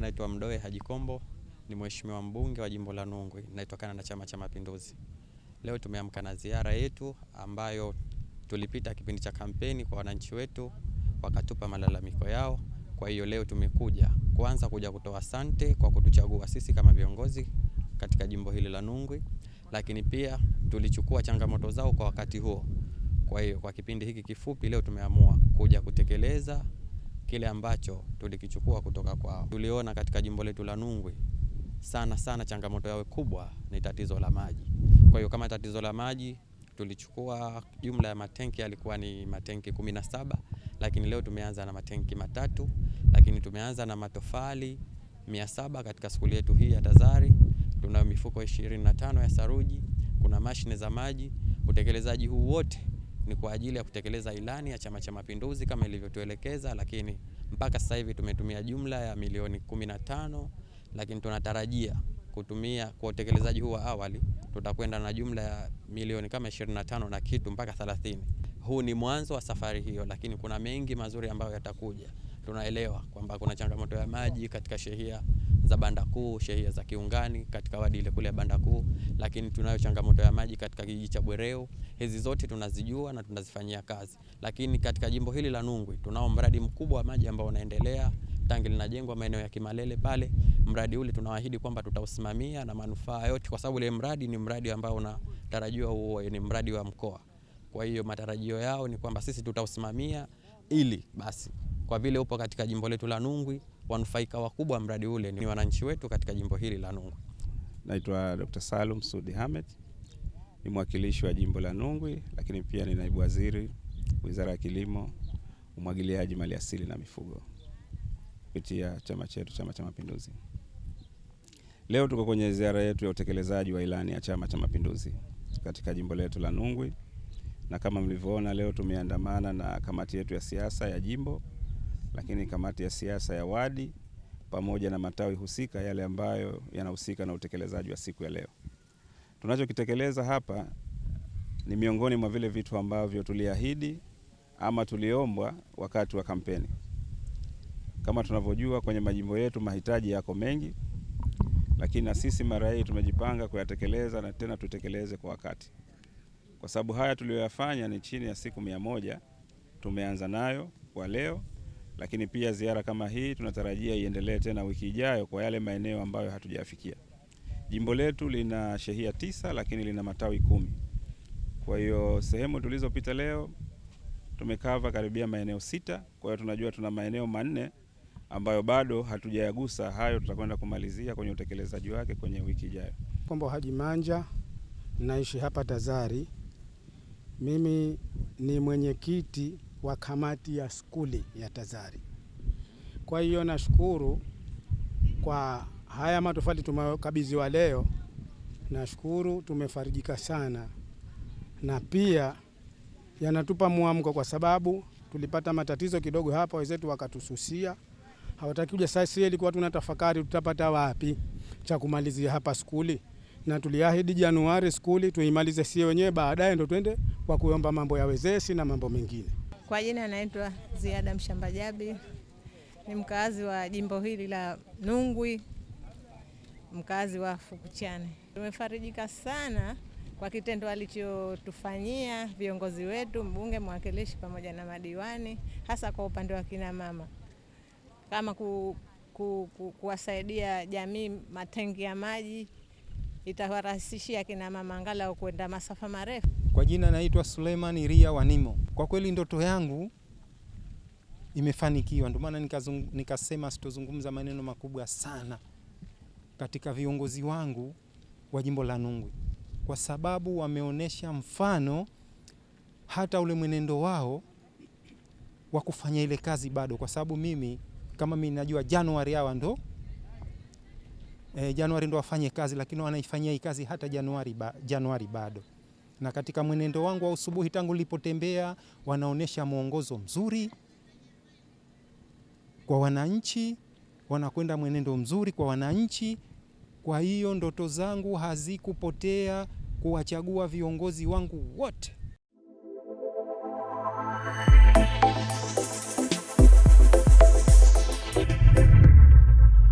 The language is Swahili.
naitwa Mdoe Haji Kombo, ni mheshimiwa mbunge wa jimbo la Nungwi, naitokana na Chama cha Mapinduzi. Leo tumeamka na ziara yetu ambayo tulipita kipindi cha kampeni kwa wananchi wetu, wakatupa malalamiko yao. Kwa hiyo leo tumekuja kwanza kuja kutoa asante kwa kutuchagua sisi kama viongozi katika jimbo hili la Nungwi, lakini pia tulichukua changamoto zao kwa wakati huo. Kwa hiyo kwa kipindi hiki kifupi leo tumeamua kuja kutekeleza kile ambacho tulikichukua kutoka kwao. Tuliona katika jimbo letu la Nungwi sana sana changamoto yao kubwa ni tatizo la maji. Kwa hiyo kama tatizo la maji tulichukua jumla ya matenki yalikuwa ni matenki kumi na saba, lakini leo tumeanza na matenki matatu, lakini tumeanza na matofali mia saba katika skuli yetu hii ya Tazari. Tunayo mifuko 25 ya saruji, kuna mashine za maji. Utekelezaji huu wote ni kwa ajili ya kutekeleza ilani ya Chama cha Mapinduzi kama ilivyotuelekeza, lakini mpaka sasa hivi tumetumia jumla ya milioni 15, lakini tunatarajia kutumia kwa utekelezaji huu wa awali tutakwenda na jumla ya milioni kama 25 na kitu mpaka 30. Huu ni mwanzo wa safari hiyo, lakini kuna mengi mazuri ambayo yatakuja. Tunaelewa kwamba kuna changamoto ya maji katika shehia za banda kuu, shehia za Kiungani katika wadi ile kule ya banda kuu, lakini tunayo changamoto ya maji katika kijiji cha Bwereo. Hizi zote tunazijua na tunazifanyia kazi, lakini katika jimbo hili la Nungwi tunao mradi mkubwa wa maji ambao unaendelea tangi linajengwa maeneo ya Kimalele pale. Mradi ule tunawaahidi kwamba tutausimamia na manufaa yote, kwa sababu ile mradi ni mradi ambao unatarajiwa uwe ni mradi wa mkoa. Kwa hiyo matarajio yao ni kwamba sisi tutausimamia ili basi, kwa vile upo katika jimbo letu la Nungwi wanufaika wakubwa mradi ule ni wananchi wetu katika jimbo hili la Nungwi. Naitwa Dr. Salum Sudi Hamed, ni mwakilishi wa jimbo la Nungwi, lakini pia ni naibu waziri Wizara ya Kilimo, Umwagiliaji, Maliasili na Mifugo kupitia chama chetu Chama cha Mapinduzi. Leo tuko kwenye ziara yetu ya utekelezaji wa ilani ya Chama cha Mapinduzi katika jimbo letu la Nungwi, na kama mlivyoona leo tumeandamana na kamati yetu ya siasa ya jimbo lakini kamati ya siasa ya wadi pamoja na matawi husika yale ambayo yanahusika na utekelezaji wa siku ya leo. Tunachokitekeleza hapa ni miongoni mwa vile vitu ambavyo tuliahidi ama tuliombwa wakati wa kampeni. Kama tunavyojua, kwenye majimbo yetu mahitaji yako mengi, lakini na sisi mara hii tumejipanga kuyatekeleza na tena tutekeleze kwa wakati, kwa sababu haya tuliyoyafanya ni chini ya siku mia moja. Tumeanza nayo kwa leo lakini pia ziara kama hii tunatarajia iendelee tena wiki ijayo kwa yale maeneo ambayo hatujafikia. Jimbo letu lina shehia tisa lakini lina matawi kumi. Kwa hiyo sehemu tulizopita leo tumekava karibia maeneo sita. Kwa hiyo tunajua tuna maeneo manne ambayo bado hatujayagusa. Hayo tutakwenda kumalizia kwenye utekelezaji wake kwenye wiki ijayo. Kombo Haji Manja, naishi hapa Tazari. Mimi ni mwenyekiti wa kamati ya skuli ya Tazari. Kwa hiyo nashukuru kwa haya matofali tumekabidhiwa leo, nashukuru tumefarijika sana, na pia yanatupa mwamko, kwa sababu tulipata matatizo kidogo hapa, wenzetu wakatususia, hawataki kuja. Sasa ilikuwa tuna tafakari tutapata wapi cha kumalizia hapa skuli, na tuliahidi Januari skuli tuimalize sie wenyewe, baadaye ndo twende kwa kuomba mambo ya wezesi na mambo mengine. Kwa jina anaitwa Ziada Mshambajabi, ni mkazi wa jimbo hili la Nungwi, mkazi wa Fukuchane. Tumefarijika sana kwa kitendo alichotufanyia viongozi wetu, mbunge, mwakilishi pamoja na madiwani, hasa kwa upande wa kina mama, kama ku, ku, ku, kuwasaidia jamii matengi ya maji itawarahisishia kina mama angalau kwenda masafa marefu. Kwa jina naitwa Suleiman ria Wanimo. Kwa kweli ndoto yangu imefanikiwa, ndio maana nikasema sitozungumza maneno makubwa sana katika viongozi wangu wa jimbo la Nungwi, kwa sababu wameonyesha mfano hata ule mwenendo wao wa kufanya ile kazi bado, kwa sababu mimi kama mimi najua Januari hawa ndo e, eh, Januari ndo wafanye kazi, lakini wanaifanyia hii kazi hata Januari, ba, Januari bado. Na katika mwenendo wangu wa usubuhi tangu nilipotembea, wanaonyesha mwongozo mzuri kwa wananchi, wanakwenda mwenendo mzuri kwa wananchi. Kwa hiyo ndoto zangu hazikupotea kuwachagua viongozi wangu wote.